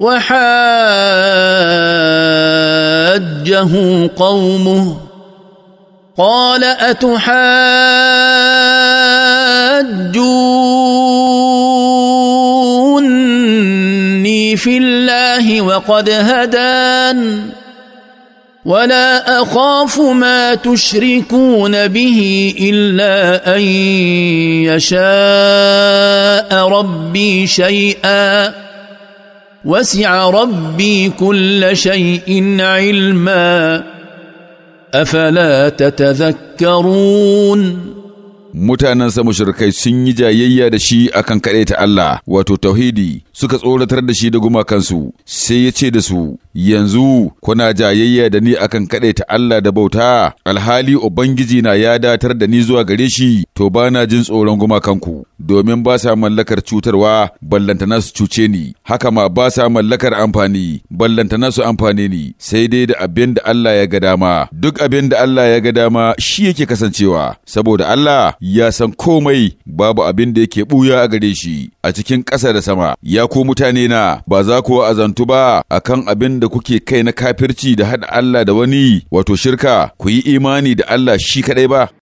وحاجه قومه قال اتحاجوني في الله وقد هدان ولا اخاف ما تشركون به الا ان يشاء ربي شيئا وسع ربي كل شيء علما افلا تتذكرون mutanensa mushrikai sun yi jayayya da shi akan ta Allah wato tauhidi suka tsoratar da shi da gumakansu sai ya ce da su yanzu kuna jayayya da ni akan ta Allah da bauta alhali ubangiji na ya datar da ni zuwa gare shi to bana jin tsoron gumakanku domin ba sa mallakar cutarwa ballantana su cuce ni haka ma ba sa mallakar amfani ballantana su amfani ni sai dai da abin da Allah ya ga dama duk abin da Allah ya ga dama shi yake kasancewa saboda Allah ya san komai babu abin da yake buya a gare shi a cikin ƙasa da sama ya ku mutane na ba za ku azantu ba akan abin da kuke kai na kafirci da hada Allah da wani wato shirka ku yi imani da Allah shi kaɗai ba